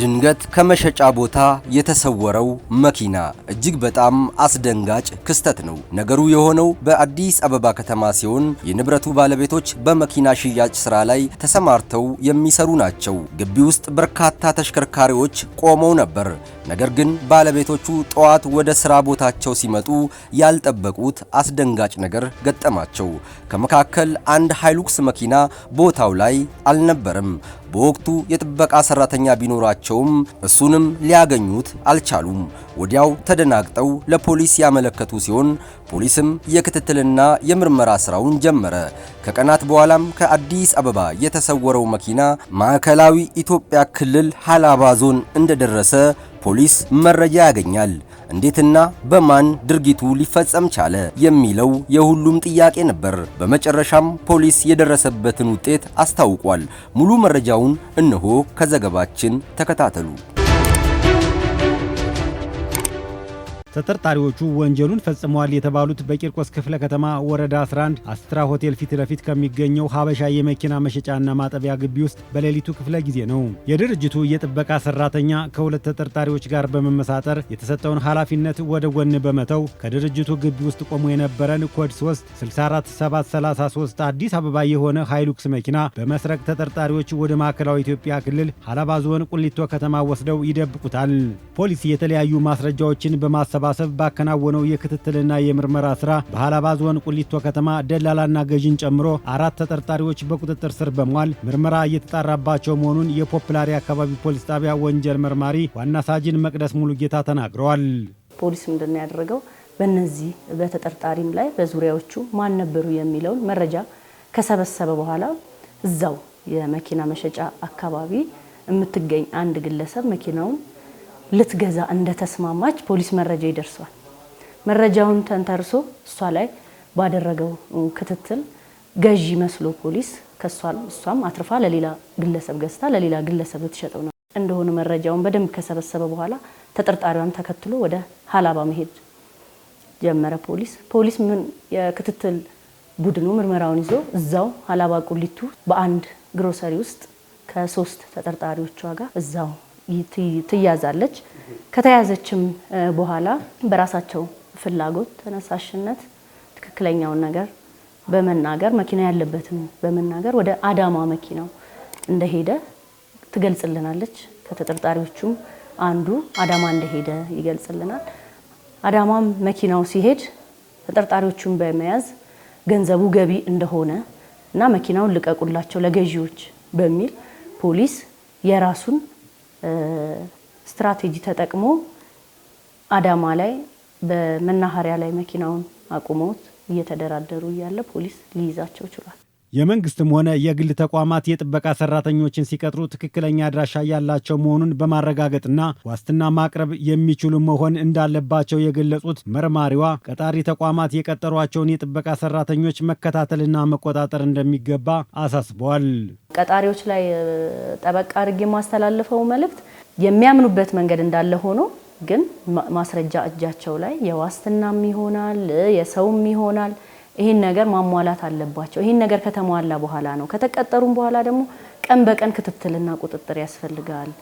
ድንገት ከመሸጫ ቦታ የተሰወረው መኪና እጅግ በጣም አስደንጋጭ ክስተት ነው። ነገሩ የሆነው በአዲስ አበባ ከተማ ሲሆን የንብረቱ ባለቤቶች በመኪና ሽያጭ ስራ ላይ ተሰማርተው የሚሰሩ ናቸው። ግቢ ውስጥ በርካታ ተሽከርካሪዎች ቆመው ነበር። ነገር ግን ባለቤቶቹ ጠዋት ወደ ስራ ቦታቸው ሲመጡ ያልጠበቁት አስደንጋጭ ነገር ገጠማቸው። ከመካከል አንድ ሃይሉክስ መኪና ቦታው ላይ አልነበረም። በወቅቱ የጥበቃ ሰራተኛ ቢኖራቸውም እሱንም ሊያገኙት አልቻሉም። ወዲያው ተደናግጠው ለፖሊስ ያመለከቱ ሲሆን ፖሊስም የክትትልና የምርመራ ስራውን ጀመረ። ከቀናት በኋላም ከአዲስ አበባ የተሰወረው መኪና ማዕከላዊ ኢትዮጵያ ክልል ሀላባ ዞን እንደደረሰ ፖሊስ መረጃ ያገኛል። እንዴትና በማን ድርጊቱ ሊፈጸም ቻለ የሚለው የሁሉም ጥያቄ ነበር። በመጨረሻም ፖሊስ የደረሰበትን ውጤት አስታውቋል። ሙሉ መረጃውን እነሆ ከዘገባችን ተከታተሉ። ተጠርጣሪዎቹ ወንጀሉን ፈጽመዋል የተባሉት በቂርቆስ ክፍለ ከተማ ወረዳ 11 አስትራ ሆቴል ፊት ለፊት ከሚገኘው ሀበሻ የመኪና መሸጫና ማጠቢያ ግቢ ውስጥ በሌሊቱ ክፍለ ጊዜ ነው። የድርጅቱ የጥበቃ ሰራተኛ ከሁለት ተጠርጣሪዎች ጋር በመመሳጠር የተሰጠውን ኃላፊነት ወደ ጎን በመተው ከድርጅቱ ግቢ ውስጥ ቆሞ የነበረን ኮድ 3 64733 አዲስ አበባ የሆነ ሃይሉክስ መኪና በመስረቅ ተጠርጣሪዎች ወደ ማዕከላዊ ኢትዮጵያ ክልል ሀላባ ዞን ቁሊቶ ከተማ ወስደው ይደብቁታል። ፖሊስ የተለያዩ ማስረጃዎችን በማሰባ በማሰባሰብ ባከናወነው የክትትልና የምርመራ ስራ በሃላባ ዞን ቁሊቶ ከተማ ደላላና ገዢን ጨምሮ አራት ተጠርጣሪዎች በቁጥጥር ስር በመዋል ምርመራ እየተጣራባቸው መሆኑን የፖፕላሪ አካባቢ ፖሊስ ጣቢያ ወንጀል መርማሪ ዋና ሳጅን መቅደስ ሙሉጌታ ተናግረዋል። ፖሊስ ምንድን ያደረገው በእነዚህ በተጠርጣሪም ላይ በዙሪያዎቹ ማን ነበሩ የሚለውን መረጃ ከሰበሰበ በኋላ እዛው የመኪና መሸጫ አካባቢ የምትገኝ አንድ ግለሰብ መኪናውን ልትገዛ እንደተስማማች ፖሊስ መረጃ ይደርሰዋል። መረጃውን ተንተርሶ እሷ ላይ ባደረገው ክትትል ገዢ መስሎ ፖሊስ ከሷል እሷም አትርፋ ለሌላ ግለሰብ ገዝታ ለሌላ ግለሰብ ልትሸጠው ነው እንደሆነ መረጃውን በደንብ ከሰበሰበ በኋላ ተጠርጣሪዋን ተከትሎ ወደ ሀላባ መሄድ ጀመረ። ፖሊስ ፖሊስ ምን የክትትል ቡድኑ ምርመራውን ይዞ እዛው ሀላባ ቁሊቱ በአንድ ግሮሰሪ ውስጥ ከሶስት ተጠርጣሪዎቿ ጋር እዛው ትያዛለች። ከተያዘችም በኋላ በራሳቸው ፍላጎት፣ ተነሳሽነት ትክክለኛውን ነገር በመናገር መኪና ያለበትን በመናገር ወደ አዳማ መኪናው እንደሄደ ትገልጽልናለች። ከተጠርጣሪዎቹም አንዱ አዳማ እንደሄደ ይገልጽልናል። አዳማም መኪናው ሲሄድ ተጠርጣሪዎቹን በመያዝ ገንዘቡ ገቢ እንደሆነ እና መኪናውን ልቀቁላቸው ለገዢዎች በሚል ፖሊስ የራሱን ስትራቴጂ ተጠቅሞ አዳማ ላይ በመናኸሪያ ላይ መኪናውን አቁመውት እየተደራደሩ እያለ ፖሊስ ሊይዛቸው ችሏል። የመንግስትም ሆነ የግል ተቋማት የጥበቃ ሰራተኞችን ሲቀጥሩ ትክክለኛ አድራሻ ያላቸው መሆኑን በማረጋገጥና ዋስትና ማቅረብ የሚችሉ መሆን እንዳለባቸው የገለጹት መርማሪዋ ቀጣሪ ተቋማት የቀጠሯቸውን የጥበቃ ሰራተኞች መከታተልና መቆጣጠር እንደሚገባ አሳስበዋል። ቀጣሪዎች ላይ ጠበቅ አድርጌ የማስተላልፈው መልእክት የሚያምኑበት መንገድ እንዳለ ሆኖ ግን ማስረጃ እጃቸው ላይ የዋስትናም ይሆናል የሰውም ይሆናል ይህን ነገር ማሟላት አለባቸው። ይህን ነገር ከተሟላ በኋላ ነው ከተቀጠሩም በኋላ ደግሞ ቀን በቀን ክትትልና ቁጥጥር ያስፈልጋል።